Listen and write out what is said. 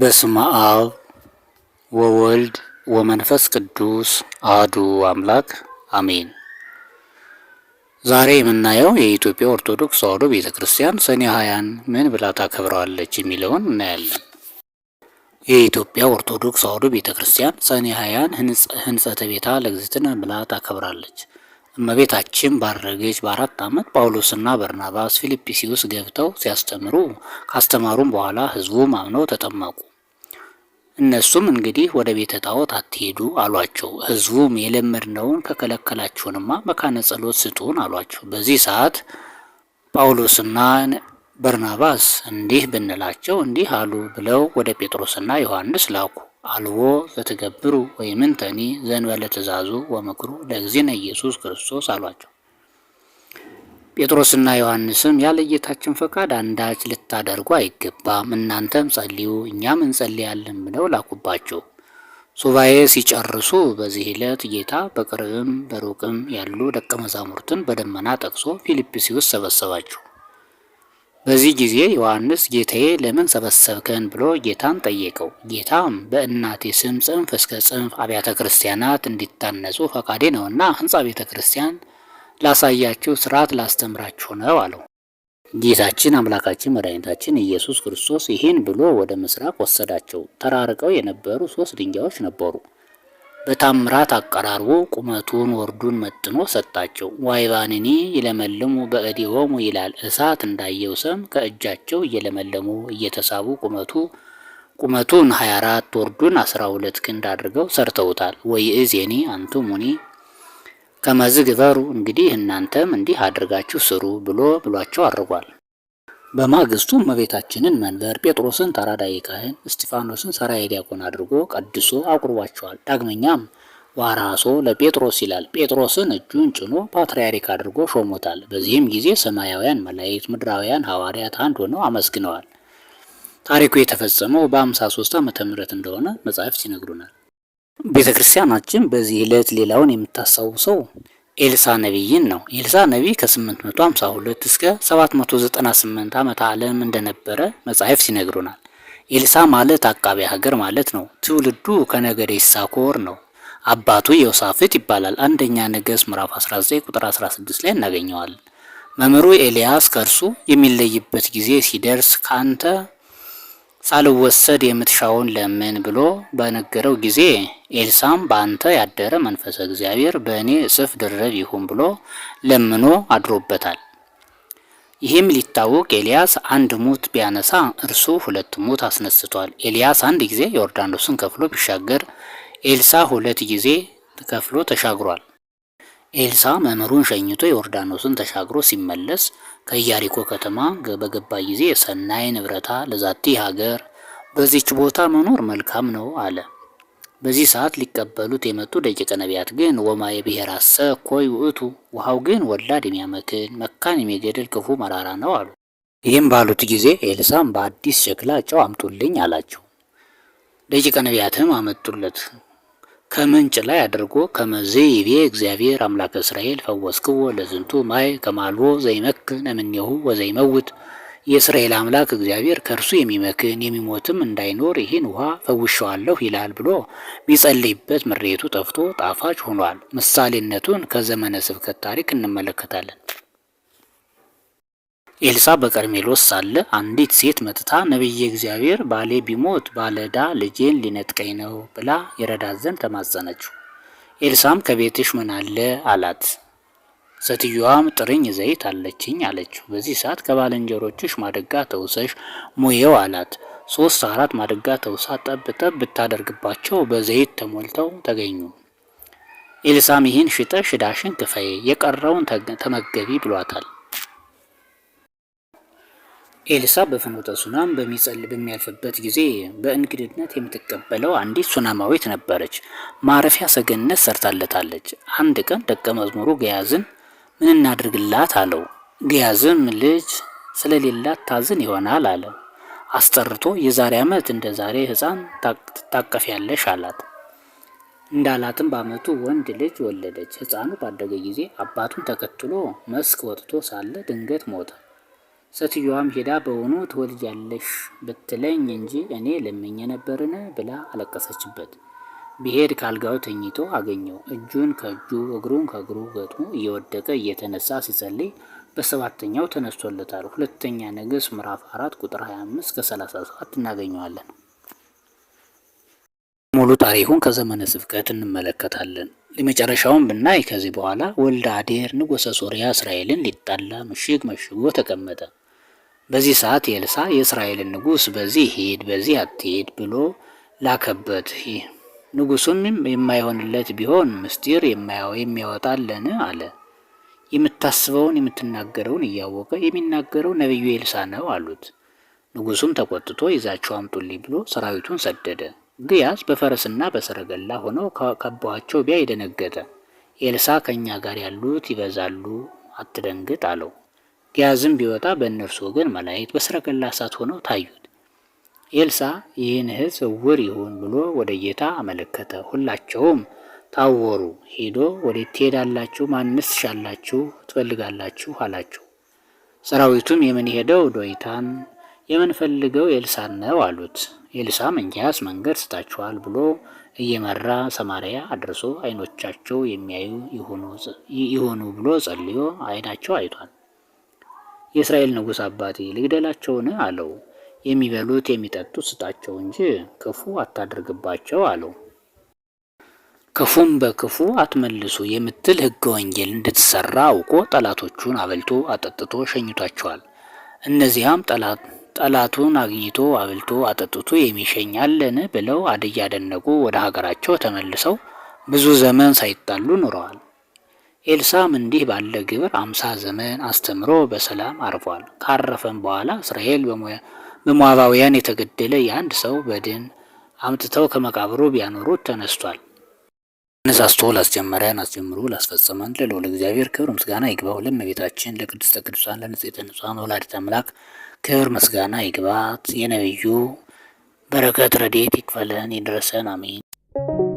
በስመ አብ ወወልድ ወመንፈስ ቅዱስ አህዱ አምላክ አሜን። ዛሬ የምናየው የኢትዮጵያ ኦርቶዶክስ ተዋሕዶ ቤተ ክርስቲያን ሰኔ ሀያን ምን ብላ ታከብረዋለች የሚለውን እናያለን። የኢትዮጵያ ኦርቶዶክስ ተዋሕዶ ቤተ ክርስቲያን ሰኔ ሀያን ህንጸተ ቤታ ለእግዝእትነ ብላ ታከብራለች። እመቤታችን ባረገች በአራት ዓመት ጳውሎስና በርናባስ ፊልጵስዩስ ገብተው ሲያስተምሩ ካስተማሩም በኋላ ሕዝቡ አምነው ተጠመቁ። እነሱም እንግዲህ ወደ ቤተ ጣዖት አትሄዱ አሏቸው። ሕዝቡም የለመድነውን ከከለከላችሁንማ መካነ ጸሎት ስጡን አሏቸው። በዚህ ሰዓት ጳውሎስና በርናባስ እንዲህ ብንላቸው እንዲህ አሉ ብለው ወደ ጴጥሮስና ዮሐንስ ላኩ። አልቦ ዘትገብሩ ወይምንተኒ ዘእንበለ ትእዛዙ ወምክሩ ለእግዚእነ ኢየሱስ ክርስቶስ አሏቸው። ጴጥሮስና ዮሐንስም ያለ ጌታችን ፈቃድ አንዳች ልታደርጉ አይገባም፣ እናንተም ጸልዩ እኛም እንጸልያለን ብለው ላኩባቸው። ሱባኤ ሲጨርሱ በዚህ ዕለት ጌታ በቅርብም በሩቅም ያሉ ደቀ መዛሙርትን በደመና ጠቅሶ ፊልጵስዩስ ሰበሰባቸው። በዚህ ጊዜ ዮሐንስ ጌታዬ ለምን ሰበሰብከን ብሎ ጌታን ጠየቀው። ጌታም በእናቴ ስም ጽንፍ እስከ ጽንፍ አብያተ ክርስቲያናት እንዲታነጹ ፈቃዴ ነውና ሕንፃ ቤተ ክርስቲያን ላሳያችሁ፣ ስርዓት ላስተምራችሁ ነው አለው። ጌታችን አምላካችን መድኃኒታችን ኢየሱስ ክርስቶስ ይህን ብሎ ወደ ምስራቅ ወሰዳቸው። ተራርቀው የነበሩ ሶስት ድንጋዮች ነበሩ። በታምራት አቀራርቦ ቁመቱን ወርዱን መጥኖ ሰጣቸው። ዋይባንኒ ይለመልሙ በእዴሆሙ ይላል። እሳት እንዳየው ሰም ከእጃቸው እየለመለሙ እየተሳቡ ቁመቱ ቁመቱን 24 ወርዱን 12 ክንድ አድርገው ሰርተውታል። ወይ ወይእዜኒ አንትሙኒ ከመዝግበሩ እንግዲህ እናንተም እንዲህ አድርጋችሁ ስሩ ብሎ ብሏቸው አድርጓል። በማግስቱ እመቤታችንን መንበር ጴጥሮስን ታራዳይ ካህን እስጢፋኖስን ሰራዬ ዲያቆን አድርጎ ቀድሶ አቁርቧቸዋል። ዳግመኛም ዋራሶ ለጴጥሮስ ይላል። ጴጥሮስን እጁን ጭኖ ፓትርያርክ አድርጎ ሾሞታል። በዚህም ጊዜ ሰማያውያን መላእክት፣ ምድራውያን ሐዋርያት አንድ ሆነው አመስግነዋል። ታሪኩ የተፈጸመው በ53 ዓመተ ምህረት እንደሆነ መጻሕፍት ይነግሩናል። ቤተ ክርስቲያናችን በዚህ ዕለት ሌላውን የምታስታውሰው ኤልሳ ነቢይን ነው። ኤልሳ ነቢይ ከ852 እስከ 798 ዓመተ ዓለም እንደነበረ መጽሐፍ ይነግሩናል። ኤልሳ ማለት አቃቤ ሀገር ማለት ነው። ትውልዱ ከነገደ ይሳኮር ነው። አባቱ የውሳፍት ይባላል። አንደኛ ነገስት ምዕራፍ 19 ቁጥር 16 ላይ እናገኘዋለን። መምህሩ ኤልያስ ከእርሱ የሚለይበት ጊዜ ሲደርስ ከአንተ ሳልወሰድ የምትሻውን ለምን ብሎ በነገረው ጊዜ ኤልሳም በአንተ ያደረ መንፈሰ እግዚአብሔር በእኔ እጽፍ ድርብ ይሁን ብሎ ለምኖ አድሮበታል። ይህም ሊታወቅ ኤልያስ አንድ ሙት ቢያነሳ እርሱ ሁለት ሙት አስነስቷል። ኤልያስ አንድ ጊዜ ዮርዳኖስን ከፍሎ ቢሻገር ኤልሳ ሁለት ጊዜ ከፍሎ ተሻግሯል። ኤልሳ መምህሩን ሸኝቶ ዮርዳኖስን ተሻግሮ ሲመለስ ከኢያሪኮ ከተማ በገባ ጊዜ ሰናይ ንብረታ ለዛቲ ሀገር በዚች ቦታ መኖር መልካም ነው አለ። በዚህ ሰዓት ሊቀበሉት የመጡ ደቂቀ ነቢያት ግን ወማ አሰ ኮይ ውእቱ፣ ውሃው ግን ወላድ የሚያመክን መካን የሚገድል ክፉ መራራ ነው አሉ። ይህም ባሉት ጊዜ ኤልሳም በአዲስ ሸክላ ጨው አምጡልኝ አላቸው። ደቂቀ ነቢያትም አመጡለት። ከምንጭ ላይ አድርጎ ከመዘይቤ እግዚአብሔር አምላከ እስራኤል ፈወስክዎ ለዝንቱ ማይ ከማልቦ ዘይመክን እምኔሁ ወዘይመውት የእስራኤል አምላክ እግዚአብሔር ከእርሱ የሚመክን የሚሞትም እንዳይኖር ይህን ውሃ ፈውሸዋለሁ ይላል ብሎ ቢጸልይበት ምሬቱ ጠፍቶ ጣፋጭ ሆኗል። ምሳሌነቱን ከዘመነ ስብከት ታሪክ እንመለከታለን። ኤልሳ በቀርሜሎስ ሳለ አንዲት ሴት መጥታ ነቢየ እግዚአብሔር ባሌ ቢሞት ባለዳ ልጄን ሊነጥቀኝ ነው ብላ የረዳት ዘንድ ተማጸነችው። ኤልሳም ከቤትሽ ምን አለ አላት። ሴትዮዋም ጥርኝ ዘይት አለችኝ አለችው። በዚህ ሰዓት ከባልንጀሮችሽ ማድጋ ተውሰሽ ሙየው አላት። ሶስት አራት ማድጋ ተውሳ ጠብ ጠብ ብታደርግባቸው በዘይት ተሞልተው ተገኙ። ኤልሳም ይህን ሽጠሽ ዕዳሽን ክፈይ፣ የቀረውን ተመገቢ ብሏታል። ኤልሳ በፍኖተ ሱናም በሚጸል በሚያልፍበት ጊዜ በእንግድነት የምትቀበለው አንዲት ሱናማዊት ነበረች። ማረፊያ ሰገነት ሰርታለታለች። አንድ ቀን ደቀ መዝሙሩ ገያዝን ምን እናድርግላት አለው። ገያዝም ልጅ ስለሌላት ታዝን ይሆናል አለ። አስጠርቶ የዛሬ ዓመት እንደ ዛሬ ሕፃን ትታቀፊያለሽ አላት። እንዳላትም በዓመቱ ወንድ ልጅ ወለደች። ሕፃኑ ባደገ ጊዜ አባቱን ተከትሎ መስክ ወጥቶ ሳለ ድንገት ሞተ። ሴትዮዋም ሄዳ በውኑ ትወልጃለሽ ብትለኝ እንጂ እኔ ለምኜ ነበርን ብላ አለቀሰችበት። ብሄድ ካልጋው ተኝቶ አገኘው። እጁን ከእጁ እግሩን ከእግሩ ገጥሞ እየወደቀ እየተነሳ ሲጸልይ በሰባተኛው ተነስቶለታል። ሁለተኛ ነገሥት ምዕራፍ አራት ቁጥር 25 ከ37 እናገኘዋለን። ሙሉ ታሪኩን ከዘመነ ስብከት እንመለከታለን። የመጨረሻውን ብናይ ከዚህ በኋላ ወልደ አዴር ንጉሠ ሶርያ እስራኤልን ሊጣላ ምሽግ መሽጎ ተቀመጠ። በዚህ ሰዓት ኤልሳ የእስራኤልን ንጉስ በዚህ ሂድ በዚህ አትሂድ ብሎ ላከበት። ንጉሱም የማይሆንለት ቢሆን ምስጢር የሚያወጣለን አለ። የምታስበውን የምትናገረውን እያወቀ የሚናገረው ነቢዩ ኤልሳ ነው አሉት። ንጉሱም ተቆጥቶ ይዛቸው አምጡልኝ ብሎ ሰራዊቱን ሰደደ። ግያዝ በፈረስና በሰረገላ ሆነው ከበዋቸው ቢያ የደነገጠ ኤልሳ ከእኛ ጋር ያሉት ይበዛሉ፣ አትደንግጥ አለው። ግያዝም ቢወጣ በእነርሱ ወገን መላእክት በሰረገላ እሳት ሆነው ታዩት። ኤልሳ ይህን ሕዝብ ዕውር ይሁን ብሎ ወደ ጌታ አመለከተ። ሁላቸውም ታወሩ። ሄዶ ወዴት ትሄዳላችሁ? ማንስ ትሻላችሁ ትፈልጋላችሁ? አላቸው። ሰራዊቱም የምንሄደው ዶይታን የምንፈልገው ኤልሳን ነው አሉት። ኤልሳም እንኪያስ መንገድ ስታችኋል ብሎ እየመራ ሰማሪያ አድርሶ አይኖቻቸው የሚያዩ ይሆኑ ብሎ ጸልዮ አይናቸው አይቷል። የእስራኤል ንጉሥ አባቴ ልግደላቸውን? አለው። የሚበሉት የሚጠጡት ስጣቸው እንጂ ክፉ አታድርግባቸው አለው። ክፉም በክፉ አትመልሱ የምትል ሕገ ወንጌል እንድትሰራ አውቆ ጠላቶቹን አብልቶ አጠጥቶ ሸኝቷቸዋል። እነዚያም ጠላቱን አግኝቶ አብልቶ አጠጥቶ የሚሸኛለን ብለው እያደነቁ ወደ ሀገራቸው ተመልሰው ብዙ ዘመን ሳይጣሉ ኑረዋል። ኤልሳም እንዲህ ባለ ግብር አምሳ ዘመን አስተምሮ በሰላም አርፏል። ካረፈም በኋላ እስራኤል በሞዓባውያን የተገደለ የአንድ ሰው በድን አምጥተው ከመቃብሩ ቢያኖሩት ተነስቷል። አነሳስቶ ላስጀመረን አስጀምሮ ላስፈጸመን ለልዑል እግዚአብሔር ክብር ምስጋና ይግባው። ለእመቤታችን ለቅድስተ ቅዱሳን ለንጽሕተ ንጹሐን ወላዲተ አምላክ ክብር ምስጋና ይግባት። የነቢዩ በረከት ረድኤት ይክፈለን፣ ይድረሰን። አሜን።